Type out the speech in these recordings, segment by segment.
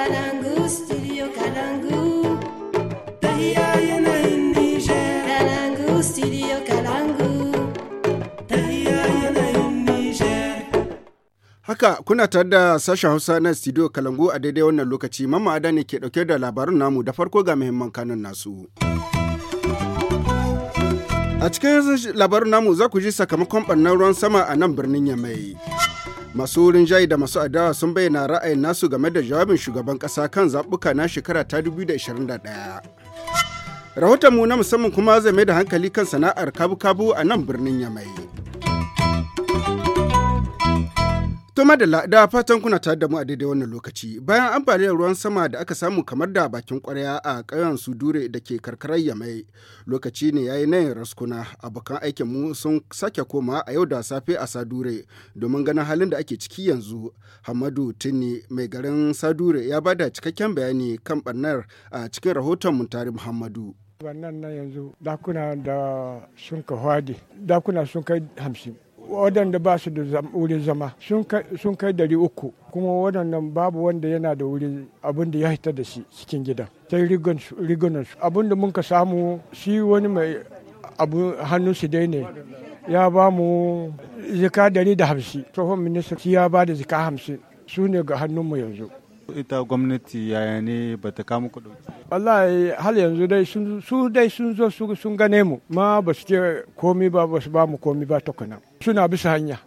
Kalangu, studio Kalangu. Haka kuna tare da sashen Hausa na studio Kalangu a daidai wannan lokaci mamma ada ne ke dauke da labarin namu da farko ga muhimman kanun nasu. A cikin labarin namu za ku ji sakamakon ɓarnar ruwan sama a nan birnin Yamai. masu wurin jayi da masu adawa sun bayyana ra'ayin nasu game da jawabin shugaban ƙasa kan zaɓuka na shekara ta 2021 rahotonmu na musamman kuma zai mai da hankali kan sana'ar kabu-kabu a nan birnin yamai To madalla da fatan kuna tare da mu a daidai wannan lokaci bayan ambaliyar ruwan sama da aka samu kamar da bakin kwarya a ƙauyen Sudure da ke karkarar Yamai lokaci ne yayi nayin raskuna abokan aikin mu sun sake koma a yau da safe a Sadure domin ganin halin da ake ciki yanzu Hamadu Tini mai garin Sadure ya bada cikakken bayani kan barnar a cikin rahoton tare Muhammadu. Wannan na yanzu dakuna da sun ka dakuna sun kai 50. waɗanda ba su da wurin zama sun kai dari uku kuma waɗannan babu wanda yana da wuri abin da ya hita da shi cikin gidan sai rigunan su abin da mun ka samu shi wani mai abu hannun su dai ne ya ba mu zika dari da hamsin tsohon minista ya ba da zika hamsin su ne ga hannunmu yanzu ita gwamnati yaya ne ba ta kama kudu wallahi hal yanzu dai su dai sun zo su sun gane mu ma ba su ce komi ba ba su ba mu komi ba tukuna suna bisa hanya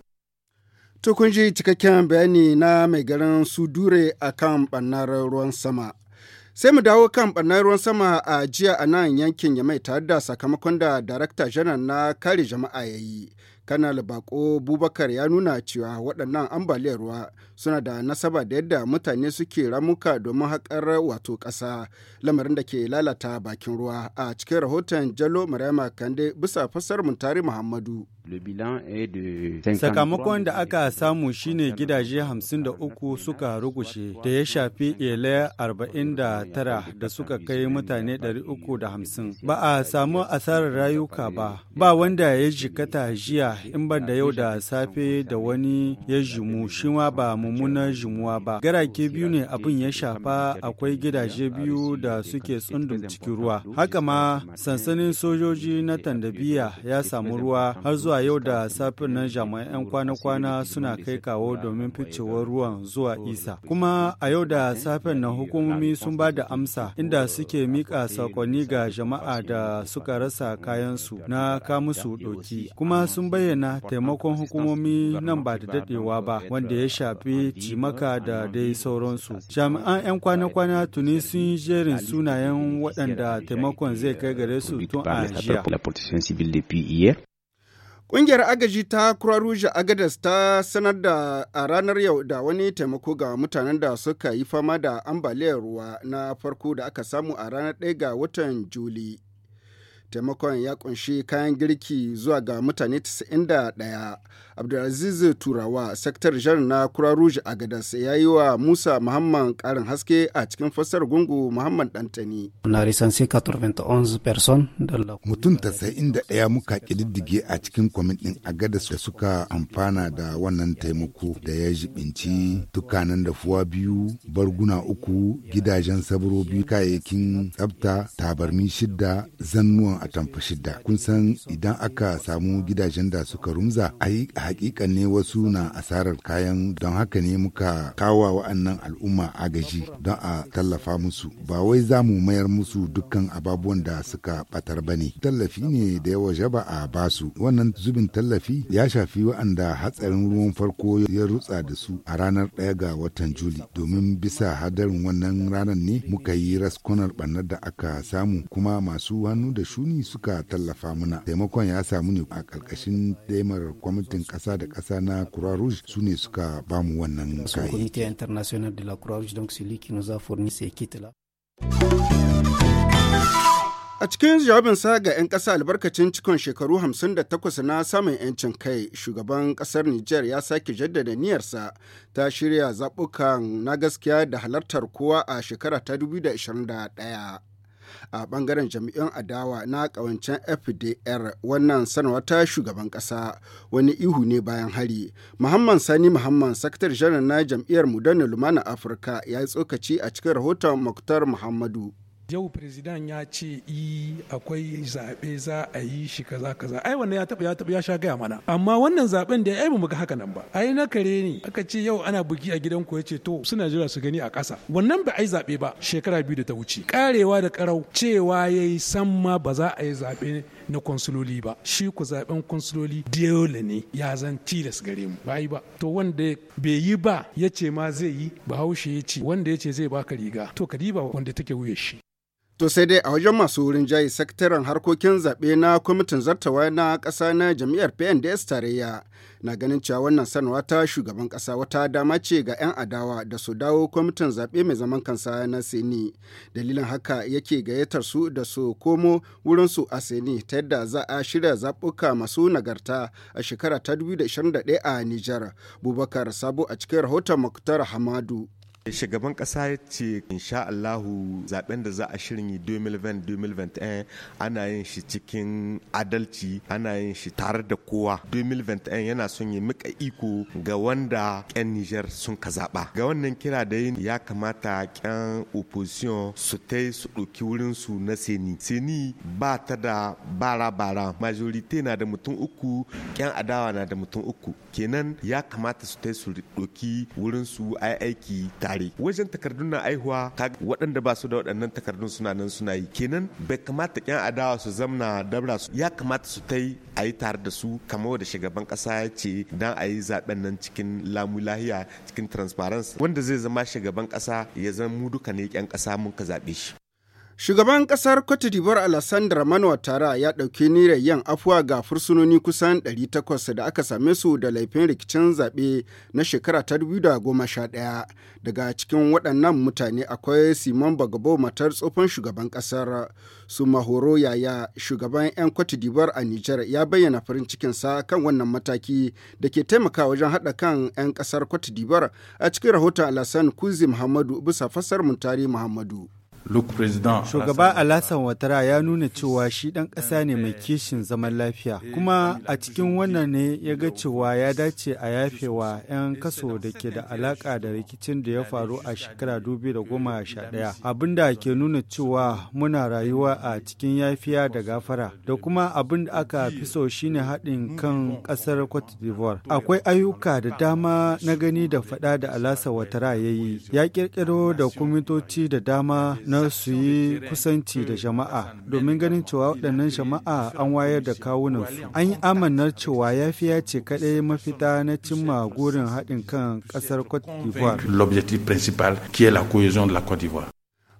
to kun ji cikakken bayani na mai garin su sudure akan bannar ruwan sama sai mu dawo kan bannar ruwan sama a jiya a nan yankin yamai tare da sakamakon da darakta janar na kare jama'a ya yi kanal bako bubakar ya nuna cewa waɗannan ambaliyar ruwa suna da nasaba da yadda mutane suke ramuka domin haƙar wato ƙasa lamarin da ke lalata bakin ruwa a cikin rahoton jalo mariama kande bisa fasar muntari muhammadu Sakamakon da aka samu shine gidaje 53 suka rugushe da ya shafi ele 49 da suka kai mutane 350. Ba a samu asarar rayuka ba, ba wanda ya jikata jiya in ba da yau da safe da wani ya jimu shi ba mummunan jimuwa ba. Garake biyu ne abin ya shafa akwai gidaje biyu da suke tsundum cikin ruwa. Haka ma sansanin sojoji na Tandabiya ya samu ruwa har zuwa zuwa yau da safin nan jami'an 'yan kwana-kwana suna kai kawo domin ficewar ruwan zuwa isa. Kuma a yau da safen nan hukumomi sun ba da amsa inda suke mika sakonni ga jama'a da suka rasa kayansu na kamusu doki. Kuma sun bayyana taimakon hukumomi nan ba da dadewa ba wanda ya shafi cimaka da dai sauransu. Jami'an 'yan kwana-kwana tuni sun jerin sunayen waɗanda taimakon zai kai gare su tun a jiya. Ƙungiyar agaji ta Croix Rouge Agadas ta sanar da a ranar yau da wani taimako ga mutanen da suka yi fama da ambaliyar ruwa na farko da aka samu a ranar 1 ga watan Juli. taimakon ya kunshi kayan girki zuwa ga mutane 91 abdulaziz turawa sektar jar na kura rouge a gadas ya yi wa musa muhammad karin haske a cikin fasar gungu muhammad dantani mutum 91 muka kididdige a cikin kwamitin a gadas da suka amfana da wannan taimako da ya jibinci tukanan da fuwa biyu barguna uku gidajen sabrobi kayayyakin tsabta tabarmi shidda zannuwan tamfa shida kun san idan aka samu gidajen da suka rumza a yi hakikan ne wasu na asarar kayan don haka ne muka kawa wa'annan al'umma agaji don a tallafa musu ba wai za mu mayar musu dukkan ababuwan da suka batar ba ne tallafi ne da yawa jaba a basu wannan zubin tallafi ya shafi wa'anda hatsarin ruwan farko ya rutsa da su a ranar ɗaya ga watan juli domin bisa hadarin wannan ranar ne muka yi raskunar ɓarnar da aka samu kuma masu hannu da shuni ni suka tallafa mana Taimakon ya samu ne a ƙarƙashin daimar kwamitin ƙasa da ƙasa na Croix Rouge su ne suka bamu wannan kayi. a cikin jawabin sa cikin jawabinsa ga 'yan ƙasa albarkacin cikon shekaru 58 na samun 'yancin kai, shugaban ƙasar Nijar ya sake jaddada niyyarsa ta shirya zaɓukan na gaskiya da halartar kowa a shekara ta 2021. a bangaren jami'an adawa na kawancen fdr wannan sanarwa ta shugaban kasa wani ihu ne bayan hari muhammad sani muhammad sakatar janar na jam'iyyar mudanna lumana afirka ya yi tsokaci a cikin rahoton muktar muhammadu yau president ya ce yi akwai zaɓe za a yi shi kaza kaza ai wannan ya taɓa ya taɓa ya sha gaya mana amma wannan zaɓen da ai ba mu ga haka nan ba ai na kare ne aka ce yau ana bugi a gidan ku ya ce to suna jira su gani a ƙasa wannan ba ai zaɓe ba shekara biyu da ta wuce karewa da karau cewa yayi san ma ba za a yi zaɓe na konsuloli ba shi ku zaben konsuloli dole ne ya zan tilas gare mu bai ba to wanda bai yi ba ya ce ma zai yi bahaushe ya ce wanda ya ce zai baka riga to ka diba wanda take wuya shi To sai dai a wajen masu wurin jayi sakataren harkokin zaɓe na kwamitin zartawa na ƙasa na Jami'ar PNDS tarayya na ganin cewa wannan sanarwa ta shugaban ƙasa wata dama ce ga 'yan adawa da su dawo kwamitin zaɓe mai zaman kansa na Sini Dalilin haka yake gayyatar su da su komo wurinsu a Sini ta yadda za a shirya zaɓuka masu nagarta a shekara ta 2021 a Nijar. Bubakar Sabo a cikin rahoton Muktar Hamadu. shugaban kasa ya ce insha Allahu zaben da za a shirin yi 2020-2021 eh, ana yin shi cikin adalci ana yin shi tare da kowa 2021 eh, yana son yi mika iko ga wanda 'yan Nijar sun ka zaba ga wannan kira da yin ya kamata 'yan opposition su ta su ɗauki wurin na seni seni ba ta da bara-bara majorite na da mutum uku 'yan adawa na da mutum uku kenan ya kamata su ta su ɗauki wurin su aiki tare tsare wajen takardun na aihuwa waɗanda ba su da waɗannan takardun suna nan suna yi kenan bai kamata yan adawa su zamna dabra su ya kamata su ta yi a yi tare da su kamar da shugaban ƙasa ya ce dan a yi zaɓen nan cikin lamu lahiya cikin transparency wanda zai zama shugaban ƙasa ya zama mu duka ne yan ƙasa mun ka zaɓe shi Shugaban ƙasar Cote d'Ivoire Alassandra Manoa ya ɗauki niyyar yin afuwa ga fursunoni kusan 800 da aka same su da laifin rikicin zaɓe na shekara ta 2011. Daga cikin waɗannan mutane akwai Simon Bagabo matar tsohon shugaban kasar. Su Mahoro Yaya shugaban 'yan Cote d'Ivoire a Nijar ya bayyana farin cikinsa kan wannan mataki da ke taimaka wajen haɗa kan 'yan ƙasar Cote d'Ivoire a cikin rahoton Alassane Kuzi Muhammadu bisa fasar Muntari Muhammadu. Shugaba Alasan Watara ya nuna cewa shi ɗan ƙasa ne mai kishin zaman lafiya, kuma a cikin wannan ne ya ga cewa ya dace a yafewa 'yan kaso da ke da alaƙa da rikicin da ya faru a shekara goma 2011, abin da ke nuna cewa muna rayuwa a cikin yafiya da gafara, da kuma abin da aka fi so shine haɗin kan ƙasar Cote d'Ivoire. Akwai ayyuka da dama na gani da faɗa da Alasan Watara ya yi, ya ƙirƙiro da kwamitoci da dama na su yi kusanci da jama'a domin ganin cewa waɗannan jama'a an wayar da kawunan su. An yi amanar cewa yafiya ce kaɗai mafita na cimma gurin haɗin kan ƙasar Cote d'Ivoire. L'objectif principal qui est la cohésion de la cote d'Ivoire.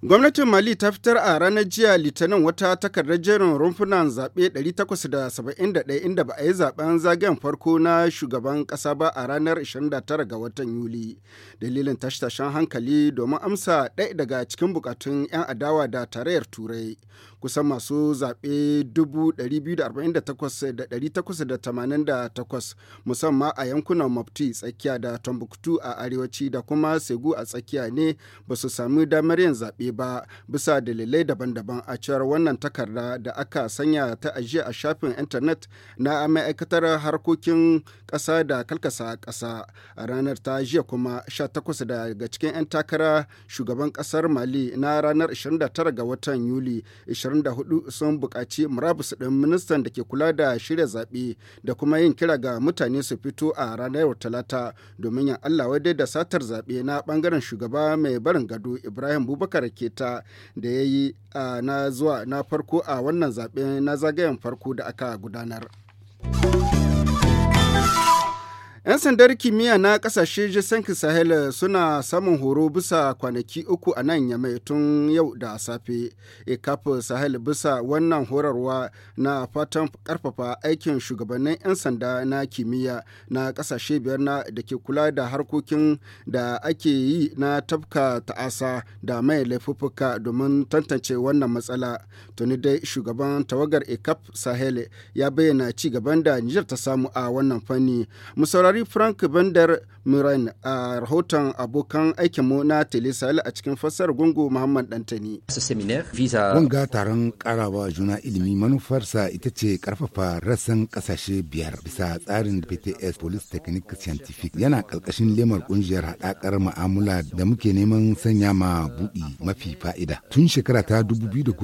Gwamnatin Mali ta fitar a ranar jiya Litinin wata takardar jerin rumfunan zaɓe 871 inda ba a yi zaɓen zagayen farko na shugaban ƙasa ba a ranar 29 ga watan Yuli. Dalilin tashtashen hankali domin amsa ɗaya daga cikin bukatun 'yan adawa da tarayyar Turai. Kusan masu zaɓe 248,888 musamman a yankunan Mafti tsakiya da Tombuktu a arewaci da kuma Segu a tsakiya ne ba su sami damar yin zaɓe ba bisa dalilai daban-daban a cewar wannan takarda da aka sanya ta ajiya a shafin intanet na ma'aikatar harkokin ƙasa da kalkasa ƙasa a ranar ta jiya kuma 18 daga cikin 'yan takara shugaban ƙasar mali na ranar 29 ga watan yuli 24 sun buƙaci murabus ɗin ministan da ke kula da shirya zaɓe da kuma yin kira ga mutane su fito a ranar talata domin yin allah wadai da satar zaɓe na ɓangaren shugaba mai barin gado ibrahim bubakar keta da ya yi na zuwa na farko a wannan zaɓe na zagayen farko da aka gudanar. 'Yan sandar kimiyya na ƙasashe jisankin Sahel suna samun horo bisa kwanaki uku a nan yamai tun yau da safe. ECAP Sahel bisa wannan horarwa na fatan karfafa aikin shugabannin 'yan sanda na kimiyya na ƙasashe biyar na da ke kula da harkokin da ake yi na tafka ta'asa da mai laifuffuka domin tantance wannan matsala. Tuni dai shugaban tawagar ECAP Sahel ya bayyana ci gaban da Nijar ta samu a wannan fanni. saurari Frank Bender Muran a rahoton abokan aikinmu na Telisal a cikin fassar gungu Muhammad Dantani. Wanga taron karawa juna ilimi manufarsa ita ce karfafa rassan kasashe biyar bisa tsarin pts Police Technique Scientific yana karkashin lemar kungiyar haɗakar ma'amula da muke neman sanya ma buɗi mafi fa'ida. Tun shekara ta 2013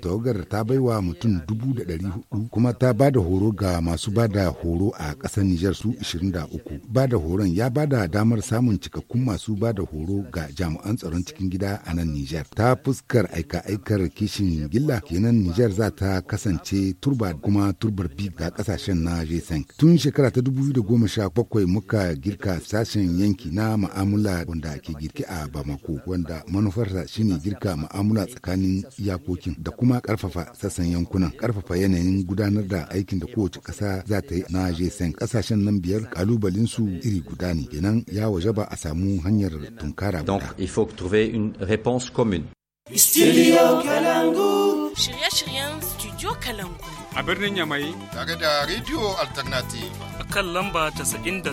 tawagar ta baiwa mutum 400 kuma ta ba da horo ga masu bada horo a ƙasar Nijar su da uku. Ba da horon ya ba da damar samun cikakkun masu ba da horo ga jami'an tsaron cikin gida a nan Nijar. Ta fuskar aika-aikar kishin gilla kenan Nijar za ta kasance turba kuma turbar bi ga kasashen na g Tun shekara ta 2017 muka girka sashen yanki na ma'amula wanda ke girki a Bamako wanda manufarsa shine girka ma'amula tsakanin iyakokin da kuma karfafa sassan yankunan, karfafa yanayin gudanar da aikin da kowace kasa za ta yi na g Kasashen nan biyar kalubalen su iri guda ne kenan ya waje ba a samu hanyar tunkara guda. Studio Kalangu. Shirye-shiryen Studio Kalangu. A birnin Yamai. Tare da Radio Alternative. A kan lamba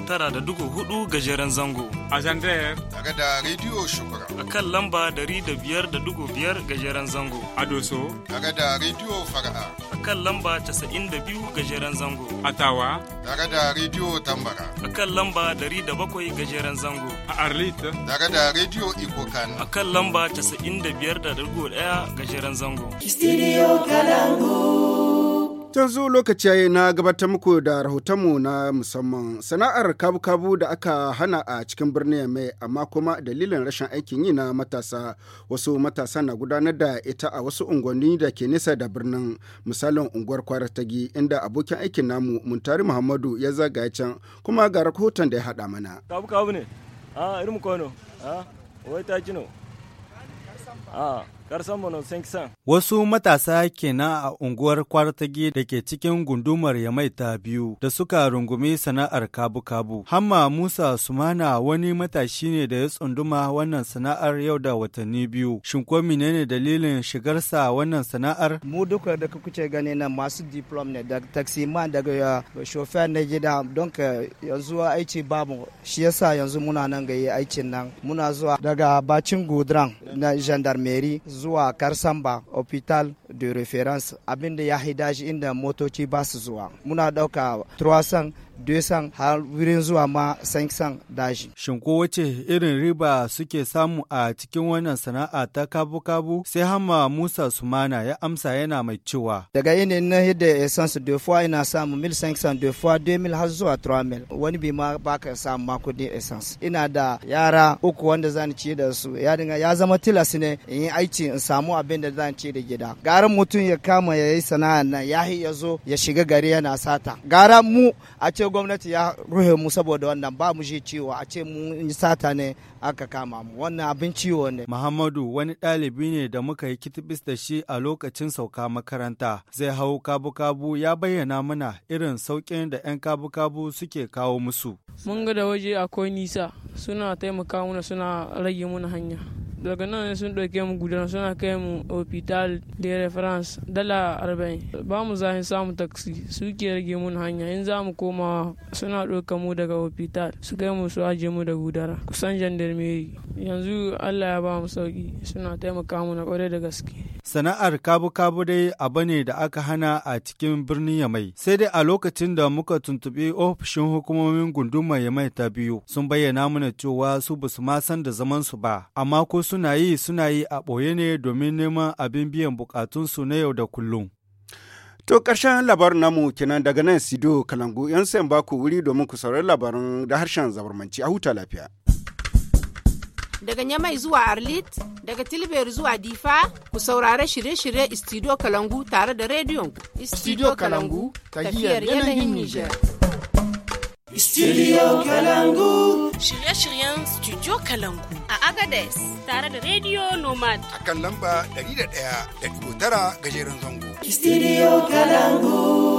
tara da dugu hudu gajeren zango. A Zandayar. Tare da Radio Shukura. A kan lamba dari da da dugu biyar gajeren zango. A Doso. Tare da Radio Fara'a. kan lamba 92 gajeren zango. Atawa. Daga da Radio Tambara. A kan lamba 107 gajeren zango. A Arlita. Daga da Radio Ikokan. A kan lamba 95.1 gajeren zango. Studio Kalangu. Tun zo lokaci yayi na gabatar muku da rahotonmu na musamman sana'ar kabu-kabu da aka hana a cikin birnin mai amma kuma dalilin rashin aikin yi na matasa wasu matasa na gudanar da ita a wasu unguwanni da ke nesa da birnin misalin unguwar kwaratagi inda abokin aikin namu muntari muhammadu ya zagaya can kuma ga rahoton da ya haɗa mana. Kabu-kabu ne? Ah, irin kwano? Ah, wai ta ne Ah, Wasu matasa kenan a unguwar Kwartage da ke cikin gundumar Yamaita biyu da suka rungumi sana'ar kabu-kabu. Hamma Musa Sumana wani matashi ne da ya tsunduma wannan sana'ar yau da watanni biyu. Shin ko menene dalilin shigarsa wannan sana'ar? Mu duka da kuke gani na masu diplom ne da taxi man daga uh, shofer na gida don ka yanzu aiki babu shi yasa yanzu muna nan ga aikin nan muna zuwa daga bacin gudran na gendarmerie zuwa karsamba hospital de référence abinda ya hidashi inda motoci ba su zuwa muna dauka 300 200 har wurin zuwa ma 500 dashi. Shin ko wace irin riba suke samu a cikin wannan sana'a ta kabu-kabu sai hama Musa Sumana ya amsa yana mai cewa. Daga yinin na hidda essence de fois ina samu 1500 de fois 2000 har zuwa 3000 wani bi ma baka samu ma kudin essence. Ina da yara uku wanda zan ci da su ya dinga ya zama tilas ne in yi aiki in samu abin da zan ci da gida. Gara gara mutum ya kama ya yi sana'a na ya ya zo ya shiga gari yana sata gara mu a ce gwamnati ya ruhe mu saboda wannan ba mu shi ciwo a ce mu yi sata ne aka kama mu wannan abin ciwo ne muhammadu wani ɗalibi ne da muka yi kitibis da shi a lokacin sauka makaranta zai hau kabu-kabu ya bayyana mana irin sauƙin da 'yan kabu-kabu suke kawo musu mun ga da waje akwai nisa suna taimaka mana suna rage mana hanya daga nan sun ɗauke mu gudan suna kai mu hopital de reference dala arba'in ba mu in samu taksi ke rage mun hanya in za mu koma suna ɗauka mu daga hopital su kai mu su aje mu da gudara kusan jandarmeri yanzu allah ya ba mu sauki suna taimaka mu na kwarai da gaske sana'ar kabu-kabu dai abu ne da aka hana a cikin birnin yamai sai dai a lokacin da muka tuntuɓi ofishin hukumomin gunduma yamai ta biyu sun bayyana mana cewa su basu ma san da zaman su ba amma ko su suna yi suna yi a ɓoye ne domin neman abin biyan bukatunsu na yau da kullum. To ƙarshen labarin namu kenan daga nan Sido Kalangu 'yan sayan ku wuri domin ku saurari labarin da harshen zabarmanci a huta lafiya. daga Nyamai zuwa Arlit, daga Tilber zuwa Difa, ku saurare shirye-shirye Studio Kalangu tare da rediyon Studio Kalangu, tafiyar yanayin Nijar. Studio Kalangu. Shirye-shiryen Studio Kalangu. A Agades. Tare da Radio Nomad. A kan lamba 101.9 gajeren zango. Studio Kalangu.